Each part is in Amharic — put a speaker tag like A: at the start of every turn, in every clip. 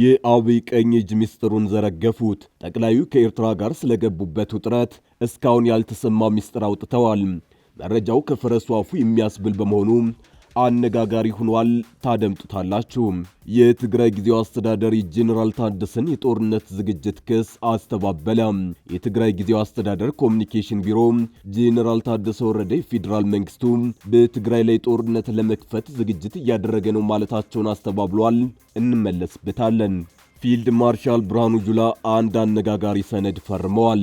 A: የአብይ ቀኝ እጅ ሚስጥሩን ዘረገፉት። ጠቅላዩ ከኤርትራ ጋር ስለገቡበት ውጥረት እስካሁን ያልተሰማ ሚስጥር አውጥተዋል። መረጃው ከፈረሱ አፉ የሚያስብል በመሆኑ አነጋጋሪ ሆኗል። ታደምጡታላችሁ። የትግራይ ጊዜው አስተዳደር ጄኔራል ታደሰን የጦርነት ዝግጅት ክስ አስተባበለ። የትግራይ ጊዜው አስተዳደር ኮሚኒኬሽን ቢሮ ጄኔራል ታደሰ ወረደ የፌዴራል መንግስቱ በትግራይ ላይ ጦርነት ለመክፈት ዝግጅት እያደረገ ነው ማለታቸውን አስተባብሏል። እንመለስበታለን። ፊልድ ማርሻል ብርሃኑ ጁላ አንድ አነጋጋሪ ሰነድ ፈርመዋል።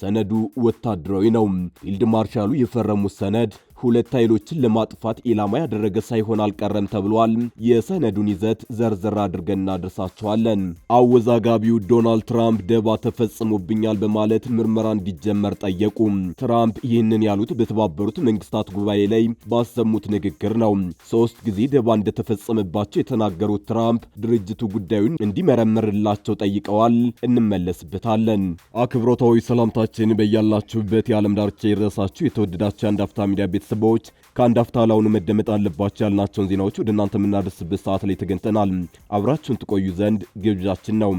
A: ሰነዱ ወታደራዊ ነው። ፊልድ ማርሻሉ የፈረሙት ሰነድ ሁለት ኃይሎችን ለማጥፋት ኢላማ ያደረገ ሳይሆን አልቀረም ተብሏል። የሰነዱን ይዘት ዘርዘር አድርገን እናደርሳቸዋለን። አወዛጋቢው ዶናልድ ትራምፕ ደባ ተፈጽሞብኛል በማለት ምርመራ እንዲጀመር ጠየቁ። ትራምፕ ይህንን ያሉት በተባበሩት መንግስታት ጉባኤ ላይ ባሰሙት ንግግር ነው። ሶስት ጊዜ ደባ እንደተፈጸመባቸው የተናገሩት ትራምፕ ድርጅቱ ጉዳዩን እንዲመረምርላቸው ጠይቀዋል። እንመለስበታለን። አክብሮታዊ ሰላምታችን በያላችሁበት የዓለም ዳርቻ ይድረሳችሁ። የተወደዳችሁ የአንድ አፍታ ሚዲያ ቤተሰብ ቤተሰቦች ከአንድ አፍታ ላሁኑ መደመጥ አለባቸው ያልናቸውን ዜናዎች ወደ እናንተ የምናደርስበት ሰዓት ላይ ተገኝተናል። አብራችሁን ትቆዩ ዘንድ ግብዣችን ነው።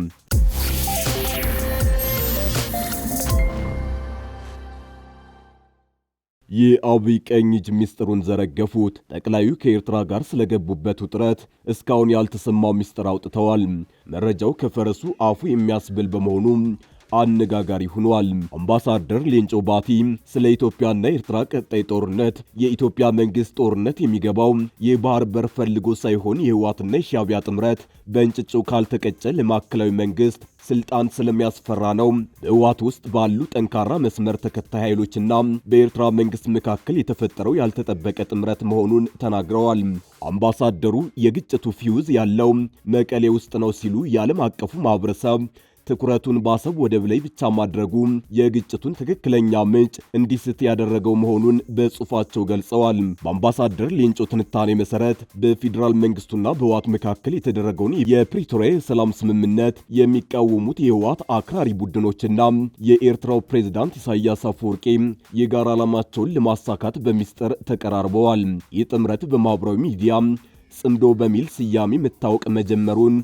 A: የአብይ ቀኝ እጅ ሚስጥሩን ዘረገፉት። ጠቅላዩ ከኤርትራ ጋር ስለገቡበት ውጥረት እስካሁን ያልተሰማው ሚስጥር አውጥተዋል። መረጃው ከፈረሱ አፉ የሚያስብል በመሆኑ አነጋጋሪ ሆኗል። አምባሳደር ሌንጮ ባቲ ስለ ኢትዮጵያና ኤርትራ ቀጣይ ጦርነት የኢትዮጵያ መንግስት ጦርነት የሚገባው የባህር በር ፈልጎ ሳይሆን የህዋትና የሻቢያ ጥምረት በእንጭጩ ካልተቀጨ ለማዕከላዊ መንግስት ስልጣን ስለሚያስፈራ ነው። በህዋት ውስጥ ባሉ ጠንካራ መስመር ተከታይ ኃይሎችና በኤርትራ መንግስት መካከል የተፈጠረው ያልተጠበቀ ጥምረት መሆኑን ተናግረዋል። አምባሳደሩ የግጭቱ ፊውዝ ያለው መቀሌ ውስጥ ነው ሲሉ የዓለም አቀፉ ማህበረሰብ ትኩረቱን በአሰብ ወደብ ላይ ብቻ ማድረጉ የግጭቱን ትክክለኛ ምንጭ እንዲስት ያደረገው መሆኑን በጽሑፋቸው ገልጸዋል። በአምባሳደር ሌንጮ ትንታኔ መሰረት በፌዴራል መንግስቱና በህዋት መካከል የተደረገውን የፕሪቶሪያ የሰላም ስምምነት የሚቃወሙት የህዋት አክራሪ ቡድኖችና የኤርትራው ፕሬዝዳንት ኢሳያስ አፈወርቂ የጋራ ዓላማቸውን ለማሳካት በሚስጥር ተቀራርበዋል። ይህ ጥምረት በማኅበራዊ ሚዲያ ጽምዶ በሚል ስያሜ መታወቅ መጀመሩን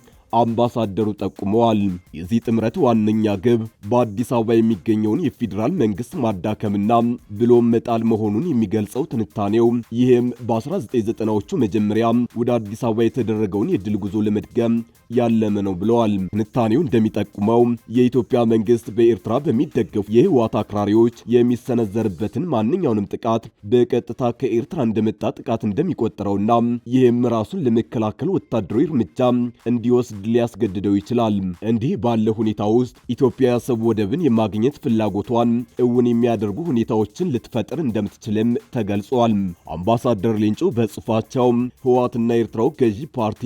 A: አምባሳደሩ ጠቁመዋል። የዚህ ጥምረት ዋነኛ ግብ በአዲስ አበባ የሚገኘውን የፌዴራል መንግስት ማዳከምና ብሎም መጣል መሆኑን የሚገልጸው ትንታኔው ይህም በ1990ዎቹ መጀመሪያ ወደ አዲስ አበባ የተደረገውን የድል ጉዞ ለመድገም ያለመ ነው ብለዋል። ትንታኔው እንደሚጠቁመው የኢትዮጵያ መንግስት በኤርትራ በሚደገፉ የህወሓት አክራሪዎች የሚሰነዘርበትን ማንኛውንም ጥቃት በቀጥታ ከኤርትራ እንደመጣ ጥቃት እንደሚቆጠረውና ይህም ራሱን ለመከላከል ወታደራዊ እርምጃ እንዲወስድ ለንግድ ሊያስገድደው ይችላል። እንዲህ ባለ ሁኔታ ውስጥ ኢትዮጵያ ያሰብ ወደብን የማግኘት ፍላጎቷን እውን የሚያደርጉ ሁኔታዎችን ልትፈጥር እንደምትችልም ተገልጿል። አምባሳደር ሊንጩ በጽሑፋቸው ህወሓትና ኤርትራው ገዢ ፓርቲ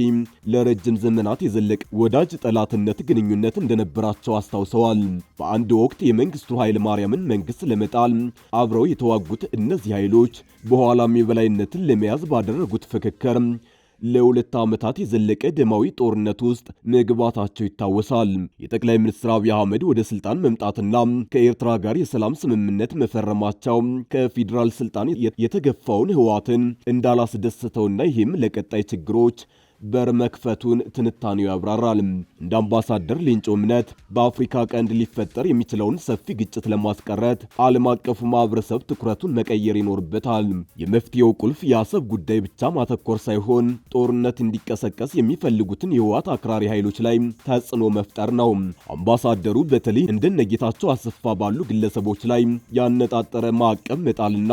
A: ለረጅም ዘመናት የዘለቀ ወዳጅ ጠላትነት ግንኙነት እንደነበራቸው አስታውሰዋል። በአንድ ወቅት የመንግስቱ ኃይለ ማርያምን መንግስት ለመጣል አብረው የተዋጉት እነዚህ ኃይሎች በኋላም የበላይነትን ለመያዝ ባደረጉት ፍክክር ለሁለት ዓመታት የዘለቀ ደማዊ ጦርነት ውስጥ መግባታቸው ይታወሳል። የጠቅላይ ሚኒስትር አብይ አህመድ ወደ ስልጣን መምጣትና ከኤርትራ ጋር የሰላም ስምምነት መፈረማቸው ከፌዴራል ስልጣን የተገፋውን ህወሓትን እንዳላስደሰተውና ይህም ለቀጣይ ችግሮች በር መክፈቱን ትንታኔው ያብራራል። እንደ አምባሳደር ሌንጮ እምነት በአፍሪካ ቀንድ ሊፈጠር የሚችለውን ሰፊ ግጭት ለማስቀረት ዓለም አቀፉ ማህበረሰብ ትኩረቱን መቀየር ይኖርበታል። የመፍትሄው ቁልፍ የአሰብ ጉዳይ ብቻ ማተኮር ሳይሆን ጦርነት እንዲቀሰቀስ የሚፈልጉትን የህወሓት አክራሪ ኃይሎች ላይ ተጽዕኖ መፍጠር ነው። አምባሳደሩ በተለይ እንደነጌታቸው አሰፋ ባሉ ግለሰቦች ላይ ያነጣጠረ ማዕቀብ መጣልና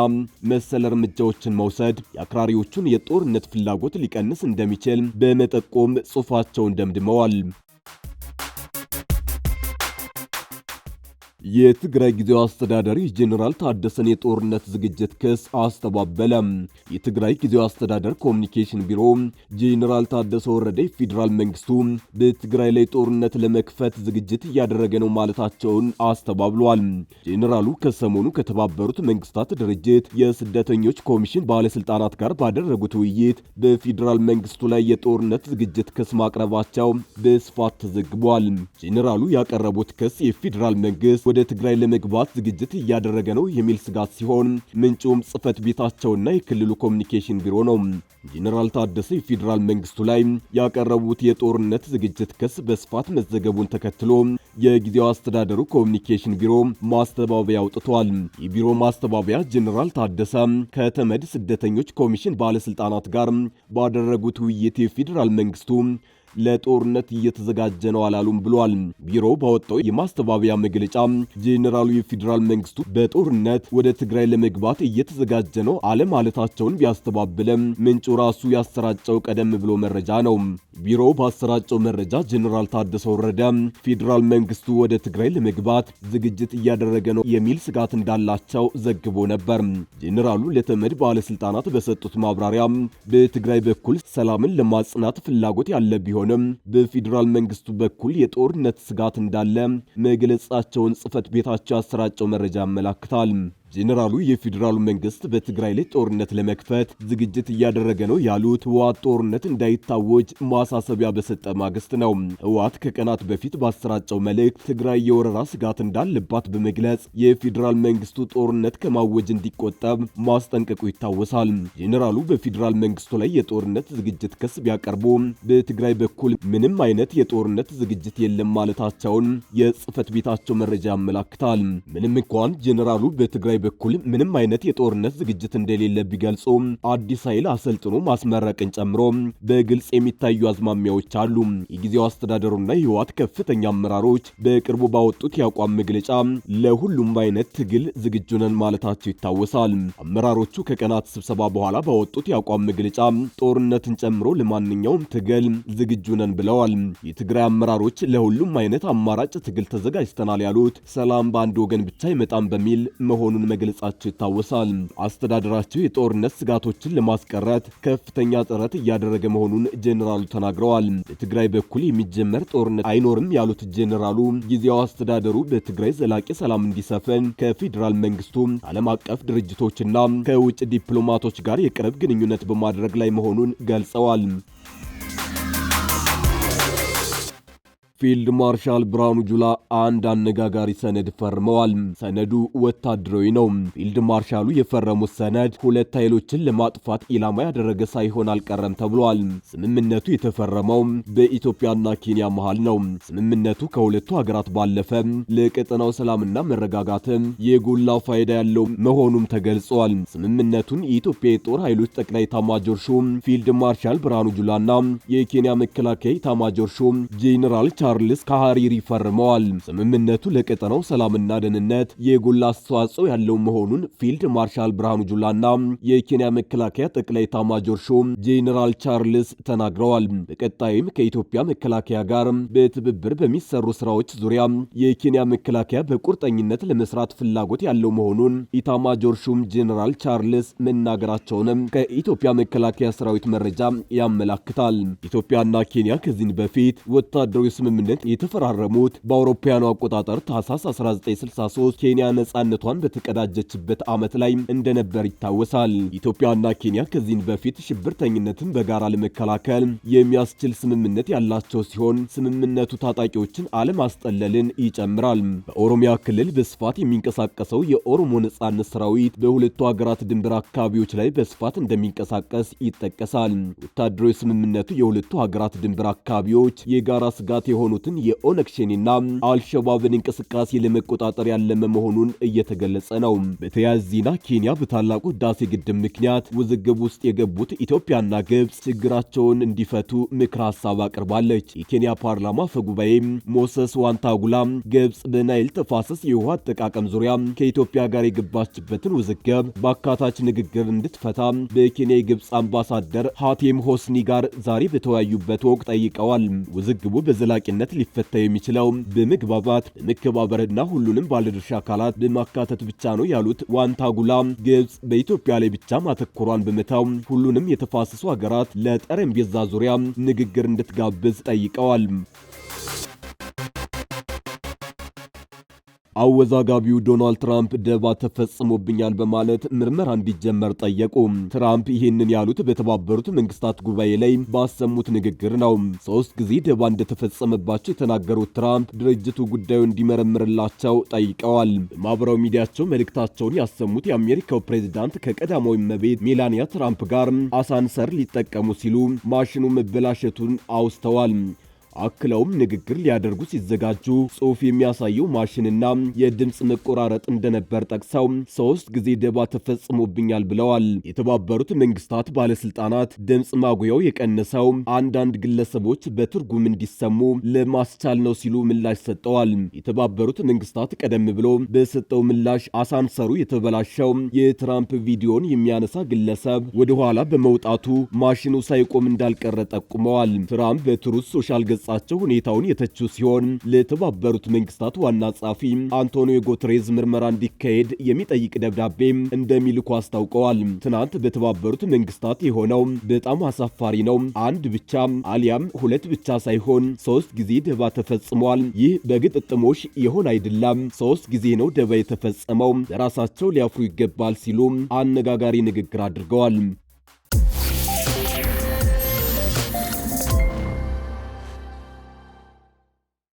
A: መሰል እርምጃዎችን መውሰድ የአክራሪዎቹን የጦርነት ፍላጎት ሊቀንስ እንደሚችል በመጠቆም ጽሑፋቸውን ደምድመዋል። የትግራይ ጊዜያዊ አስተዳዳሪ ጄኔራል ታደሰን የጦርነት ዝግጅት ክስ አስተባበለ። የትግራይ ጊዜያዊ አስተዳደር ኮሚኒኬሽን ቢሮ ጄኔራል ታደሰ ወረደ የፌዴራል መንግስቱ በትግራይ ላይ ጦርነት ለመክፈት ዝግጅት እያደረገ ነው ማለታቸውን አስተባብሏል። ጄኔራሉ ከሰሞኑ ከተባበሩት መንግስታት ድርጅት የስደተኞች ኮሚሽን ባለስልጣናት ጋር ባደረጉት ውይይት በፌዴራል መንግስቱ ላይ የጦርነት ዝግጅት ክስ ማቅረባቸው በስፋት ተዘግቧል። ጄኔራሉ ያቀረቡት ክስ የፌዴራል መንግስት ወደ ትግራይ ለመግባት ዝግጅት እያደረገ ነው የሚል ስጋት ሲሆን ምንጩም ጽህፈት ቤታቸውና የክልሉ ኮሚኒኬሽን ቢሮ ነው። ጄኔራል ታደሰ የፌዴራል መንግስቱ ላይ ያቀረቡት የጦርነት ዝግጅት ክስ በስፋት መዘገቡን ተከትሎ የጊዜው አስተዳደሩ ኮሚኒኬሽን ቢሮ ማስተባበያ አውጥቷል። የቢሮ ማስተባበያ ጄኔራል ታደሰ ከተመድ ስደተኞች ኮሚሽን ባለስልጣናት ጋር ባደረጉት ውይይት የፌዴራል መንግስቱ ለጦርነት እየተዘጋጀ ነው አላሉም ብሏል። ቢሮው ባወጣው የማስተባበያ መግለጫ ጄኔራሉ የፌዴራል መንግስቱ በጦርነት ወደ ትግራይ ለመግባት እየተዘጋጀ ነው አለም አለታቸውን ቢያስተባብለም ምንጩ ራሱ ያሰራጨው ቀደም ብሎ መረጃ ነው። ቢሮው ባሰራጨው መረጃ ጄኔራል ታደሰ ወረደ ፌዴራል መንግስቱ ወደ ትግራይ ለመግባት ዝግጅት እያደረገ ነው የሚል ስጋት እንዳላቸው ዘግቦ ነበር። ጄኔራሉ ለተመድ ባለስልጣናት በሰጡት ማብራሪያ በትግራይ በኩል ሰላምን ለማጽናት ፍላጎት ያለ ቢሆን ቢሆንም በፌዴራል መንግስቱ በኩል የጦርነት ስጋት እንዳለ መግለጻቸውን ጽህፈት ቤታቸው ያሰራጨው መረጃ ያመላክታል። ጄኔራሉ የፌዴራሉ መንግስት በትግራይ ላይ ጦርነት ለመክፈት ዝግጅት እያደረገ ነው ያሉት ህወሓት ጦርነት እንዳይታወጅ ማሳሰቢያ በሰጠ ማግስት ነው። ህወሓት ከቀናት በፊት ባሰራጨው መልእክት ትግራይ የወረራ ስጋት እንዳለባት በመግለጽ የፌዴራል መንግስቱ ጦርነት ከማወጅ እንዲቆጠብ ማስጠንቀቁ ይታወሳል። ጄኔራሉ በፌዴራል መንግስቱ ላይ የጦርነት ዝግጅት ክስ ቢያቀርቡ በትግራይ በኩል ምንም አይነት የጦርነት ዝግጅት የለም ማለታቸውን የጽህፈት ቤታቸው መረጃ ያመላክታል። ምንም እንኳን ጄኔራሉ በትግራይ በኩል ምንም አይነት የጦርነት ዝግጅት እንደሌለ ቢገልጹ አዲስ ኃይል አሰልጥኖ ማስመረቅን ጨምሮ በግልጽ የሚታዩ አዝማሚያዎች አሉ። የጊዜው አስተዳደሩና የህወሓት ከፍተኛ አመራሮች በቅርቡ ባወጡት የአቋም መግለጫ ለሁሉም አይነት ትግል ዝግጁ ነን ማለታቸው ይታወሳል። አመራሮቹ ከቀናት ስብሰባ በኋላ ባወጡት የአቋም መግለጫ ጦርነትን ጨምሮ ለማንኛውም ትግል ዝግጁ ነን ብለዋል። የትግራይ አመራሮች ለሁሉም አይነት አማራጭ ትግል ተዘጋጅተናል ያሉት ሰላም በአንድ ወገን ብቻ አይመጣም በሚል መሆኑን መግለጻቸው ይታወሳል። አስተዳደራቸው የጦርነት ስጋቶችን ለማስቀረት ከፍተኛ ጥረት እያደረገ መሆኑን ጄኔራሉ ተናግረዋል። በትግራይ በኩል የሚጀመር ጦርነት አይኖርም ያሉት ጄኔራሉ ጊዜያዊ አስተዳደሩ በትግራይ ዘላቂ ሰላም እንዲሰፍን ከፌዴራል መንግስቱ፣ ዓለም አቀፍ ድርጅቶችና ከውጭ ዲፕሎማቶች ጋር የቅርብ ግንኙነት በማድረግ ላይ መሆኑን ገልጸዋል። ፊልድ ማርሻል ብርሃኑ ጁላ አንድ አነጋጋሪ ሰነድ ፈርመዋል። ሰነዱ ወታደራዊ ነው። ፊልድ ማርሻሉ የፈረሙት ሰነድ ሁለት ኃይሎችን ለማጥፋት ኢላማ ያደረገ ሳይሆን አልቀረም ተብሏል። ስምምነቱ የተፈረመው በኢትዮጵያና ኬንያ መሃል ነው። ስምምነቱ ከሁለቱ ሀገራት ባለፈ ለቀጠናው ሰላምና መረጋጋት የጎላ ፋይዳ ያለው መሆኑም ተገልጿል። ስምምነቱን የኢትዮጵያ የጦር ኃይሎች ጠቅላይ ኤታማዦር ሹም ፊልድ ማርሻል ብርሃኑ ጁላና የኬንያ መከላከያ ኤታማዦር ሹም ጄኔራል ቻርልስ ካሃሪሪ ፈርመዋል። ስምምነቱ ለቀጠናው ሰላምና ደህንነት የጎላ አስተዋጽኦ ያለው መሆኑን ፊልድ ማርሻል ብርሃኑ ጁላና የኬንያ መከላከያ ጠቅላይ ኤታማዦር ሹም ጄኔራል ቻርልስ ተናግረዋል። በቀጣይም ከኢትዮጵያ መከላከያ ጋር በትብብር በሚሰሩ ስራዎች ዙሪያ የኬንያ መከላከያ በቁርጠኝነት ለመስራት ፍላጎት ያለው መሆኑን ኢታማጆር ሹም ጄኔራል ቻርልስ መናገራቸውንም ከኢትዮጵያ መከላከያ ሰራዊት መረጃ ያመላክታል። ኢትዮጵያና ኬንያ ከዚህን በፊት ወታደራዊ ስምምነት ስምምነት የተፈራረሙት በአውሮፓውያኑ አቆጣጠር ታህሳስ 1963 ኬንያ ነጻነቷን በተቀዳጀችበት ዓመት ላይ እንደነበር ይታወሳል። ኢትዮጵያና ኬንያ ከዚህን በፊት ሽብርተኝነትን በጋራ ለመከላከል የሚያስችል ስምምነት ያላቸው ሲሆን ስምምነቱ ታጣቂዎችን አለማስጠለልን ይጨምራል። በኦሮሚያ ክልል በስፋት የሚንቀሳቀሰው የኦሮሞ ነጻነት ሰራዊት በሁለቱ ሀገራት ድንበር አካባቢዎች ላይ በስፋት እንደሚንቀሳቀስ ይጠቀሳል። ወታደራዊ ስምምነቱ የሁለቱ ሀገራት ድንበር አካባቢዎች የጋራ ስጋት የሆኑ የሆኑትን የኦነግ ሸኔና አልሸባብን እንቅስቃሴ ለመቆጣጠር ያለመ መሆኑን እየተገለጸ ነው። በተያያዘ ዜና ኬንያ በታላቁ ህዳሴ ግድብ ምክንያት ውዝግብ ውስጥ የገቡት ኢትዮጵያና ግብፅ ችግራቸውን እንዲፈቱ ምክር ሀሳብ አቅርባለች። የኬንያ ፓርላማ ፈጉባኤ ሞሰስ ዋንታጉላ ግብፅ በናይል ተፋሰስ የውሃ አጠቃቀም ዙሪያ ከኢትዮጵያ ጋር የገባችበትን ውዝግብ በአካታች ንግግር እንድትፈታ በኬንያ የግብፅ አምባሳደር ሃቴም ሆስኒ ጋር ዛሬ በተወያዩበት ወቅት ጠይቀዋል። ውዝግቡ በዘላቂነት በዋናነት ሊፈታ የሚችለው በመግባባት በመከባበርና ሁሉንም ባለድርሻ አካላት በማካተት ብቻ ነው ያሉት ዋንታጉላ ግብጽ በኢትዮጵያ ላይ ብቻ ማተኮሯን በመታው ሁሉንም የተፋሰሱ ሀገራት ለጠረጴዛ ዙሪያ ንግግር እንድትጋብዝ ጠይቀዋል። አወዛጋቢው ዶናልድ ትራምፕ ደባ ተፈጽሞብኛል በማለት ምርመራ እንዲጀመር ጠየቁ። ትራምፕ ይህንን ያሉት በተባበሩት መንግስታት ጉባኤ ላይ ባሰሙት ንግግር ነው። ሶስት ጊዜ ደባ እንደተፈጸመባቸው የተናገሩት ትራምፕ ድርጅቱ ጉዳዩ እንዲመረምርላቸው ጠይቀዋል። በማህበራዊ ሚዲያቸው መልእክታቸውን ያሰሙት የአሜሪካው ፕሬዚዳንት ከቀዳማዊ እመቤት ሜላኒያ ትራምፕ ጋር አሳንሰር ሊጠቀሙ ሲሉ ማሽኑ መበላሸቱን አውስተዋል። አክለውም ንግግር ሊያደርጉ ሲዘጋጁ ጽሑፍ የሚያሳየው ማሽንና የድምፅ መቆራረጥ እንደነበር ጠቅሰው ሶስት ጊዜ ደባ ተፈጽሞብኛል ብለዋል። የተባበሩት መንግስታት ባለስልጣናት ድምፅ ማጉያው የቀነሰው አንዳንድ ግለሰቦች በትርጉም እንዲሰሙ ለማስቻል ነው ሲሉ ምላሽ ሰጠዋል። የተባበሩት መንግስታት ቀደም ብሎ በሰጠው ምላሽ አሳንሰሩ የተበላሸው የትራምፕ ቪዲዮን የሚያነሳ ግለሰብ ወደኋላ በመውጣቱ ማሽኑ ሳይቆም እንዳልቀረ ጠቁመዋል። ትራምፕ በትሩስ ሶሻል የገለጻቸው ሁኔታውን የተቹ ሲሆን ለተባበሩት መንግስታት ዋና ጸሐፊ አንቶኒዮ ጉተሬዝ ምርመራ እንዲካሄድ የሚጠይቅ ደብዳቤ እንደሚልኩ አስታውቀዋል። ትናንት በተባበሩት መንግስታት የሆነው በጣም አሳፋሪ ነው። አንድ ብቻ አሊያም ሁለት ብቻ ሳይሆን ሶስት ጊዜ ደባ ተፈጽሟል። ይህ በግጥጥሞሽ የሆን አይደላም። ሶስት ጊዜ ነው ደባ የተፈጸመው። ለራሳቸው ሊያፍሩ ይገባል ሲሉ አነጋጋሪ ንግግር አድርገዋል።